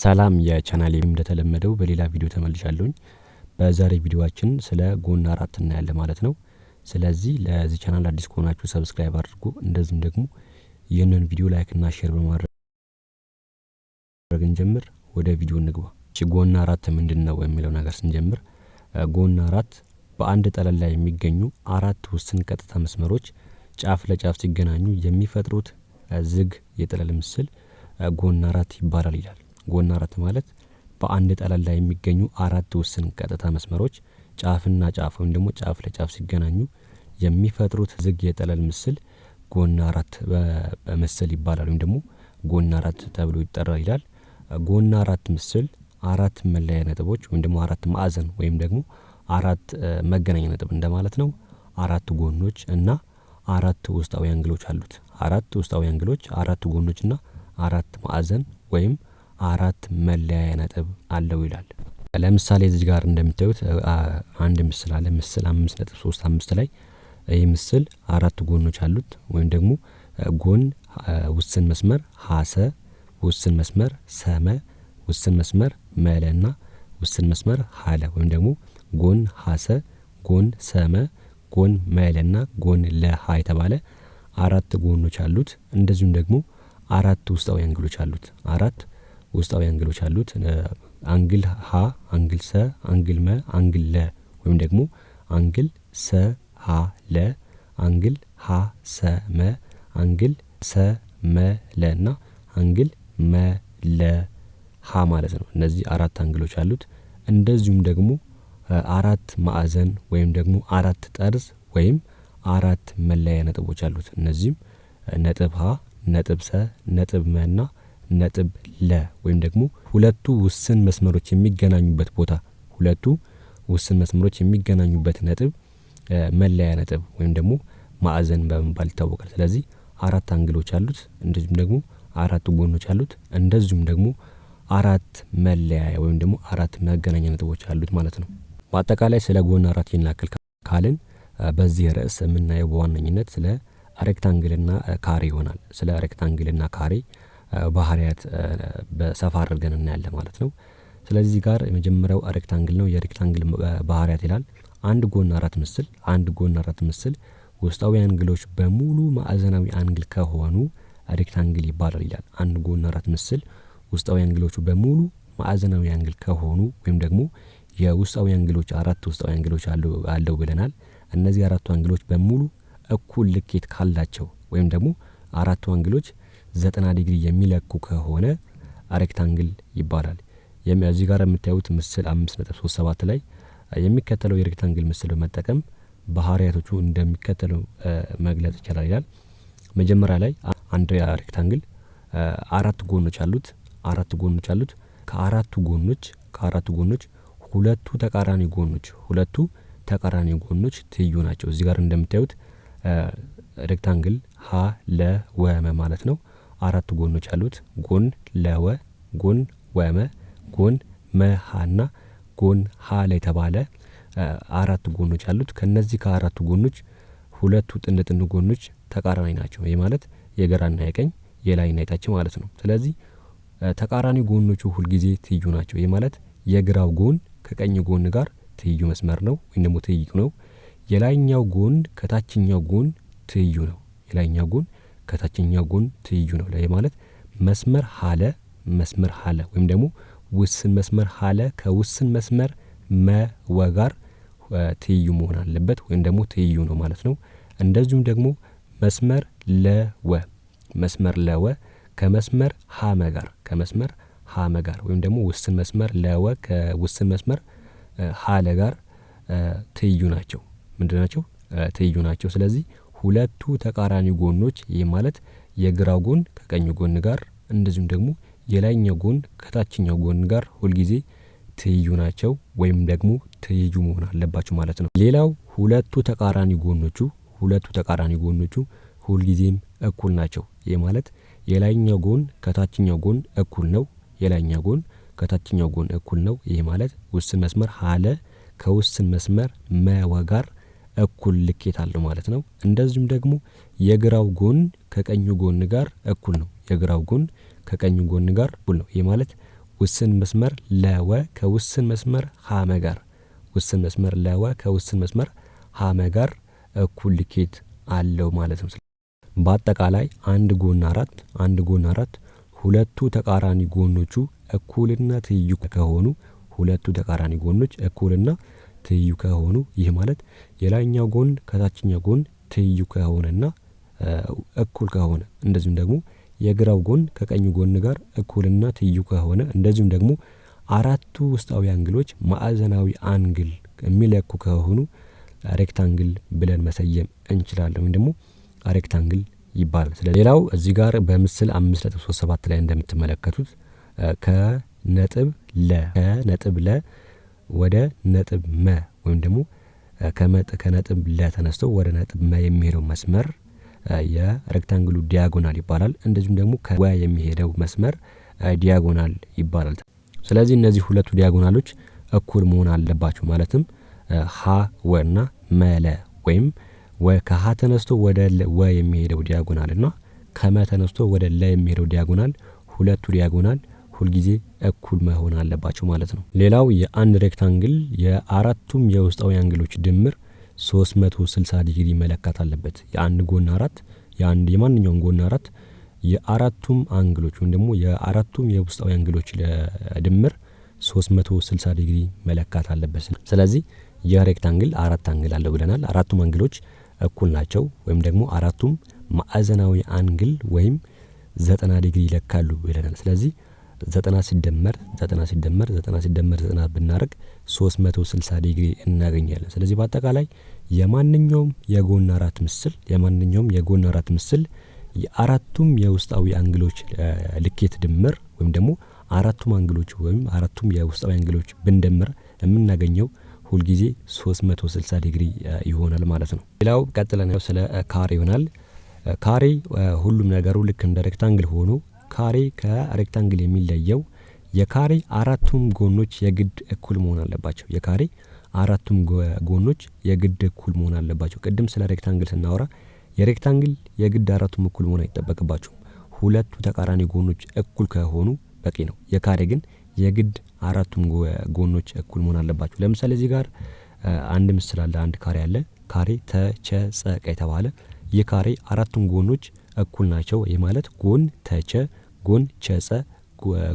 ሰላም የቻናሌ እንደተለመደው በሌላ ቪዲዮ ተመልሻለሁኝ። በዛሬ ቪዲዮችን ስለ ጎን አራት እናያለን ማለት ነው። ስለዚህ ለዚህ ቻናል አዲስ ከሆናችሁ ሰብስክራይብ አድርጉ፣ እንደዚሁም ደግሞ ይህንን ቪዲዮ እና ሼር በማድረግ እንጀምር። ወደ ቪዲዮ እንግባ። ጎን አራት ምንድን ነው የሚለው ነገር ስንጀምር ጎን አራት በአንድ ጠለል ላይ የሚገኙ አራት ውስን ቀጥታ መስመሮች ጫፍ ለጫፍ ሲገናኙ የሚፈጥሩት ዝግ የጠለል ምስል ጎን አራት ይባላል ይላል። ጎን አራት ማለት በአንድ ጠለል ላይ የሚገኙ አራት ውስን ቀጥታ መስመሮች ጫፍና ጫፍ ወይም ደግሞ ጫፍ ለጫፍ ሲገናኙ የሚፈጥሩት ዝግ የጠለል ምስል ጎን አራት ምስል ይባላል ወይም ደግሞ ጎን አራት ተብሎ ይጠራል ይላል። ጎን አራት ምስል አራት መለያ ነጥቦች ወይም ደግሞ አራት ማዕዘን ወይም ደግሞ አራት መገናኛ ነጥብ እንደማለት ነው። አራት ጎኖች እና አራት ውስጣዊ አንግሎች አሉት። አራት ውስጣዊ አንግሎች፣ አራት ጎኖች እና አራት ማዕዘን ወይም አራት መለያያ ነጥብ አለው ይላል። ለምሳሌ እዚህ ጋር እንደምታዩት አንድ ምስል አለ። ምስል አምስት ነጥብ ሶስት አምስት ላይ ይህ ምስል አራት ጎኖች አሉት ወይም ደግሞ ጎን ውስን መስመር ሀሰ፣ ውስን መስመር ሰመ፣ ውስን መስመር መለ እና ውስን መስመር ሀለ ወይም ደግሞ ጎን ሀሰ፣ ጎን ሰመ፣ ጎን መለ እና ጎን ለሀ የተባለ አራት ጎኖች አሉት። እንደዚሁም ደግሞ አራት ውስጣዊ አንግሎች አሉት። አራት ውስጣዊ አንግሎች አሉት። አንግል ሀ፣ አንግል ሰ፣ አንግል መ፣ አንግል ለ ወይም ደግሞ አንግል ሰ ሀ ለ፣ አንግል ሀ ሰ መ፣ አንግል ሰ መ ለ እና አንግል መ ለ ሀ ማለት ነው። እነዚህ አራት አንግሎች አሉት። እንደዚሁም ደግሞ አራት ማዕዘን ወይም ደግሞ አራት ጠርዝ ወይም አራት መለያ ነጥቦች አሉት። እነዚህም ነጥብ ሀ፣ ነጥብ ሰ፣ ነጥብ መ እና ነጥብ ለ ወይም ደግሞ ሁለቱ ውስን መስመሮች የሚገናኙበት ቦታ ሁለቱ ውስን መስመሮች የሚገናኙበት ነጥብ መለያ ነጥብ ወይም ደግሞ ማዕዘን በመባል ይታወቃል። ስለዚህ አራት አንግሎች አሉት፣ እንደዚሁም ደግሞ አራት ጎኖች አሉት፣ እንደዚሁም ደግሞ አራት መለያ ወይም ደግሞ አራት መገናኛ ነጥቦች አሉት ማለት ነው። በአጠቃላይ ስለ ጎን አራት ይናክል ካልን በዚህ ርዕስ የምናየው በዋነኝነት ስለ ሬክታንግልና ካሬ ይሆናል። ስለ ሬክታንግልና ካሬ ባህሪያት በሰፋ አድርገን እናያለን ማለት ነው። ስለዚህ ጋር የመጀመሪያው ሬክታንግል ነው የሬክታንግል ባህሪያት ይላል አንድ ጎን አራት ምስል አንድ ጎን አራት ምስል ውስጣዊ አንግሎች በሙሉ ማዕዘናዊ አንግል ከሆኑ ሬክታንግል ይባላል ይላል። አንድ ጎን አራት ምስል ውስጣዊ አንግሎቹ በሙሉ ማዕዘናዊ አንግል ከሆኑ ወይም ደግሞ የውስጣዊ አንግሎች አራት ውስጣዊ አንግሎች አለው ብለናል። እነዚህ አራቱ አንግሎች በሙሉ እኩል ልኬት ካላቸው ወይም ደግሞ አራቱ አንግሎች ዘጠና ዲግሪ የሚለኩ ከሆነ አሬክታንግል ይባላል። እዚህ ጋር የምታዩት ምስል አምስት ነጥብ ሶስት ሰባት ላይ የሚከተለው የሬክታንግል ምስል በመጠቀም ባህሪያቶቹ እንደሚከተለው መግለጽ ይቻላል ይላል። መጀመሪያ ላይ አንድ ሬክታንግል አራት ጎኖች አሉት። አራት ጎኖች አሉት። ከአራቱ ጎኖች ከአራቱ ጎኖች ሁለቱ ተቃራኒ ጎኖች ሁለቱ ተቃራኒ ጎኖች ትይዩ ናቸው። እዚህ ጋር እንደምታዩት ሬክታንግል ሀ ለ ወ ማለት ነው። አራት ጎኖች አሉት። ጎን ለወ፣ ጎን ወመ፣ ጎን መሃና ጎን ሀለ የተባለ አራት ጎኖች አሉት። ከነዚህ ከአራቱ ጎኖች ሁለቱ ጥንድ ጥንድ ጎኖች ተቃራኒ ናቸው። ይህ ማለት የግራና የቀኝ የላይና የታች ማለት ነው። ስለዚህ ተቃራኒ ጎኖቹ ሁልጊዜ ትይዩ ናቸው። ይህ ማለት የግራው ጎን ከቀኝ ጎን ጋር ትይዩ መስመር ነው ወይም ደግሞ ትይዩ ነው። የላይኛው ጎን ከታችኛው ጎን ትይዩ ነው። የላይኛው ጎን ከታችኛው ጎን ትይዩ ነው። ላይ ማለት መስመር ሀለ መስመር ሀለ ወይም ደግሞ ውስን መስመር ሀለ ከውስን መስመር መወ ጋር ትይዩ መሆን አለበት ወይም ደግሞ ትይዩ ነው ማለት ነው። እንደዚሁም ደግሞ መስመር ለወ መስመር ለወ ከመስመር ሀመ ጋር ከመስመር ሀመ ጋር ወይም ደግሞ ውስን መስመር ለወ ከውስን መስመር ሀለ ጋር ትይዩ ናቸው። ምንድን ናቸው? ትይዩ ናቸው። ስለዚህ ሁለቱ ተቃራኒ ጎኖች ይህ ማለት የግራ ጎን ከቀኝ ጎን ጋር እንደዚሁም ደግሞ የላይኛው ጎን ከታችኛው ጎን ጋር ሁልጊዜ ትይዩ ናቸው ወይም ደግሞ ትይዩ መሆን አለባቸው ማለት ነው። ሌላው ሁለቱ ተቃራኒ ጎኖቹ ሁለቱ ተቃራኒ ጎኖቹ ሁልጊዜም እኩል ናቸው። ይህ ማለት የላይኛው ጎን ከታችኛው ጎን እኩል ነው። የላይኛው ጎን ከታችኛው ጎን እኩል ነው። ይህ ማለት ውስን መስመር ሀለ ከውስን መስመር መወጋር እኩል ልኬት አለው ማለት ነው። እንደዚሁም ደግሞ የግራው ጎን ከቀኙ ጎን ጋር እኩል ነው። የግራው ጎን ከቀኙ ጎን ጋር እኩል ነው። ይህ ማለት ውስን መስመር ለወ ከውስን መስመር ሀመ ጋር ውስን መስመር ለወ ከውስን መስመር ሀመ ጋር እኩል ልኬት አለው ማለት ነው። በአጠቃላይ አንድ ጎን አራት አንድ ጎን አራት ሁለቱ ተቃራኒ ጎኖቹ እኩልና ትይዩ ከሆኑ ሁለቱ ተቃራኒ ጎኖች እኩልና ትይዩ ከሆኑ ይህ ማለት የላይኛው ጎን ከታችኛው ጎን ትይዩ ከሆነና እኩል ከሆነ እንደዚሁም ደግሞ የግራው ጎን ከቀኙ ጎን ጋር እኩልና ትይዩ ከሆነ እንደዚሁም ደግሞ አራቱ ውስጣዊ አንግሎች ማዕዘናዊ አንግል የሚለኩ ከሆኑ ሬክታንግል ብለን መሰየም እንችላለን ወይም ደግሞ ሬክታንግል ይባላል። ስለ ሌላው እዚህ ጋር በምስል አምስት ነጥብ ሶስት ሰባት ላይ እንደምትመለከቱት ከነጥብ ለ ከነጥብ ለ ወደ ነጥብ መ ወይም ደግሞ ከነጥብ ለ ተነስቶ ወደ ነጥብ መ የሚሄደው መስመር የሬክታንግሉ ዲያጎናል ይባላል። እንደዚሁም ደግሞ ከወ የሚሄደው መስመር ዲያጎናል ይባላል። ስለዚህ እነዚህ ሁለቱ ዲያጎናሎች እኩል መሆን አለባቸው። ማለትም ሀ ወ እና መለ ወይም ከሀ ተነስቶ ወደ ወ የሚሄደው ዲያጎናል ና ከመ ተነስቶ ወደ ለ የሚሄደው ዲያጎናል ሁለቱ ዲያጎናል ሁልጊዜ እኩል መሆን አለባቸው ማለት ነው። ሌላው የአንድ ሬክታንግል የአራቱም የውስጣዊ አንግሎች ድምር 360 ዲግሪ መለካት አለበት። የአንድ ጎን አራት የአንድ የማንኛውም ጎን አራት የአራቱም አንግሎች ወይም ደግሞ የአራቱም የውስጣዊ አንግሎች ድምር 360 ዲግሪ መለካት አለበት። ስለዚህ የሬክታንግል አራት አንግል አለው ብለናል። አራቱም አንግሎች እኩል ናቸው ወይም ደግሞ አራቱም ማዕዘናዊ አንግል ወይም 90 ዲግሪ ይለካሉ ብለናል። ስለዚህ ዘጠና ሲደመር ዘጠና ሲደመር ዘጠና ሲደመር ዘጠና ብናደርግ ሶስት መቶ ስልሳ ዲግሪ እናገኛለን። ስለዚህ በአጠቃላይ የማንኛውም የጎን አራት ምስል የማንኛውም የጎን አራት ምስል የአራቱም የውስጣዊ አንግሎች ልኬት ድምር ወይም ደግሞ አራቱም አንግሎች ወይም አራቱም የውስጣዊ አንግሎች ብንደምር የምናገኘው ሁልጊዜ 360 ዲግሪ ይሆናል ማለት ነው። ሌላው ቀጥለን ስለ ካሬ ይሆናል። ካሬ ሁሉም ነገሩ ልክ እንደ ሬክታንግል ሆኖ ካሬ ከሬክታንግል የሚለየው የካሬ አራቱም ጎኖች የግድ እኩል መሆን አለባቸው። የካሬ አራቱም ጎኖች የግድ እኩል መሆን አለባቸው። ቅድም ስለ ሬክታንግል ስናወራ የሬክታንግል የግድ አራቱም እኩል መሆን አይጠበቅባቸውም። ሁለቱ ተቃራኒ ጎኖች እኩል ከሆኑ በቂ ነው። የካሬ ግን የግድ አራቱም ጎኖች እኩል መሆን አለባቸው። ለምሳሌ እዚህ ጋር አንድ ምስል አለ። አንድ ካሬ አለ። ካሬ ጸቀ የተባለ ይህ ካሬ አራቱም ጎኖች እኩል ናቸው። ይህ ማለት ጎን ተቸ ጎን ቸጸ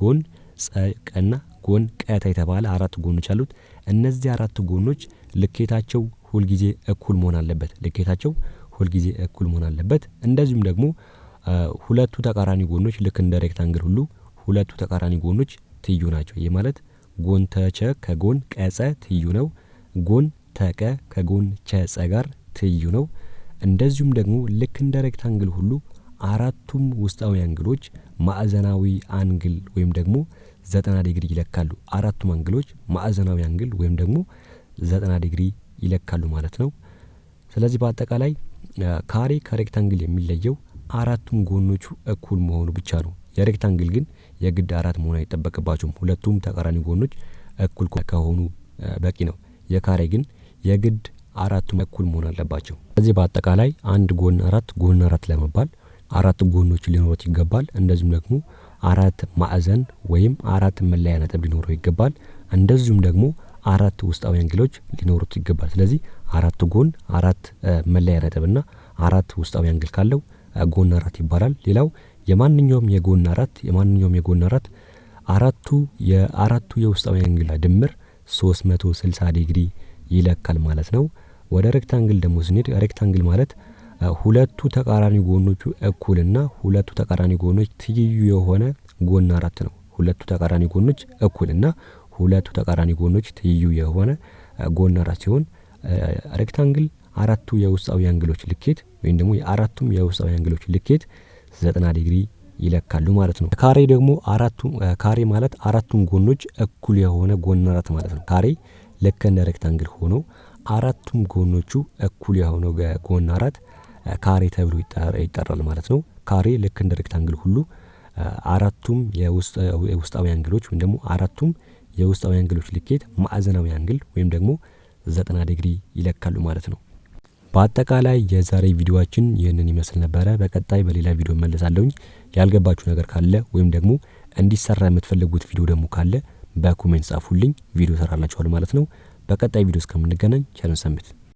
ጎን ጸቀና ጎን ቀተ የተባለ አራት ጎኖች አሉት። እነዚህ አራት ጎኖች ልኬታቸው ሁልጊዜ እኩል መሆን አለበት። ልኬታቸው ሁልጊዜ እኩል መሆን አለበት። እንደዚሁም ደግሞ ሁለቱ ተቃራኒ ጎኖች ልክ እንደ ሬክታንግል ሁሉ ሁለቱ ተቃራኒ ጎኖች ትዩ ናቸው። ይህ ማለት ጎን ተቸ ከጎን ቀጸ ትዩ ነው። ጎን ተቀ ከጎን ቸጸ ጋር ትዩ ነው። እንደዚሁም ደግሞ ልክ እንደ ሬክታንግል ሁሉ አራቱም ውስጣዊ አንግሎች ማዕዘናዊ አንግል ወይም ደግሞ ዘጠና ዲግሪ ይለካሉ። አራቱም አንግሎች ማዕዘናዊ አንግል ወይም ደግሞ ዘጠና ዲግሪ ይለካሉ ማለት ነው። ስለዚህ በአጠቃላይ ካሬ ከሬክታንግል የሚለየው አራቱም ጎኖቹ እኩል መሆኑ ብቻ ነው። የሬክታንግል ግን የግድ አራት መሆን አይጠበቅባቸውም። ሁለቱም ተቃራኒ ጎኖች እኩል ከሆኑ በቂ ነው። የካሬ ግን የግድ አራቱም እኩል መሆን አለባቸው። ስለዚህ በአጠቃላይ አንድ ጎን አራት ጎን አራት ለመባል አራት ጎኖች ሊኖሩት ይገባል። እንደዚሁም ደግሞ አራት ማዕዘን ወይም አራት መለያ ነጥብ ሊኖረው ይገባል። እንደዚሁም ደግሞ አራት ውስጣዊ አንግሎች ሊኖሩት ይገባል። ስለዚህ አራት ጎን፣ አራት መለያ ነጥብና አራት ውስጣዊ አንግል ካለው ጎን አራት ይባላል። ሌላው የማንኛውም የጎን አራት የማንኛውም የጎን አራት አራቱ የአራቱ የውስጣዊ አንግል ድምር 360 ዲግሪ ይለካል ማለት ነው። ወደ ሬክታንግል ደግሞ ስንሄድ ሬክታንግል ማለት ሁለቱ ተቃራኒ ጎኖቹ እኩልና ሁለቱ ተቃራኒ ጎኖች ትይዩ የሆነ ጎን አራት ነው። ሁለቱ ተቃራኒ ጎኖች እኩልና ሁለቱ ተቃራኒ ጎኖች ትይዩ የሆነ ጎን አራት ሲሆን ሬክታንግል አራቱ የውስጣዊ አንግሎች ልኬት ወይም ደግሞ የአራቱም የውስጣዊ አንግሎች ልኬት 90 ዲግሪ ይለካሉ ማለት ነው። ካሬ ደግሞ አራቱ ካሬ ማለት አራቱም ጎኖች እኩል የሆነ ጎን አራት ማለት ነው። ካሬ ልክ እንደ ሬክታንግል ሆኖ አራቱም ጎኖቹ እኩል የሆነ ጎን አራት ካሬ ተብሎ ይጠራል ማለት ነው። ካሬ ልክ እንደ ሬክታንግል ሁሉ አራቱም የውስጣዊ አንግሎች ወይም ደግሞ አራቱም የውስጣዊ አንግሎች ልኬት ማዕዘናዊ አንግል ወይም ደግሞ ዘጠና ዲግሪ ይለካሉ ማለት ነው። በአጠቃላይ የዛሬ ቪዲዮችን ይህንን ይመስል ነበረ። በቀጣይ በሌላ ቪዲዮ መለሳለሁኝ። ያልገባችሁ ነገር ካለ ወይም ደግሞ እንዲሰራ የምትፈልጉት ቪዲዮ ደግሞ ካለ በኮሜንት ጻፉልኝ። ቪዲዮ ሰራላችኋል ማለት ነው። በቀጣይ ቪዲዮ እስከምንገናኝ ቸርን ሰንብት።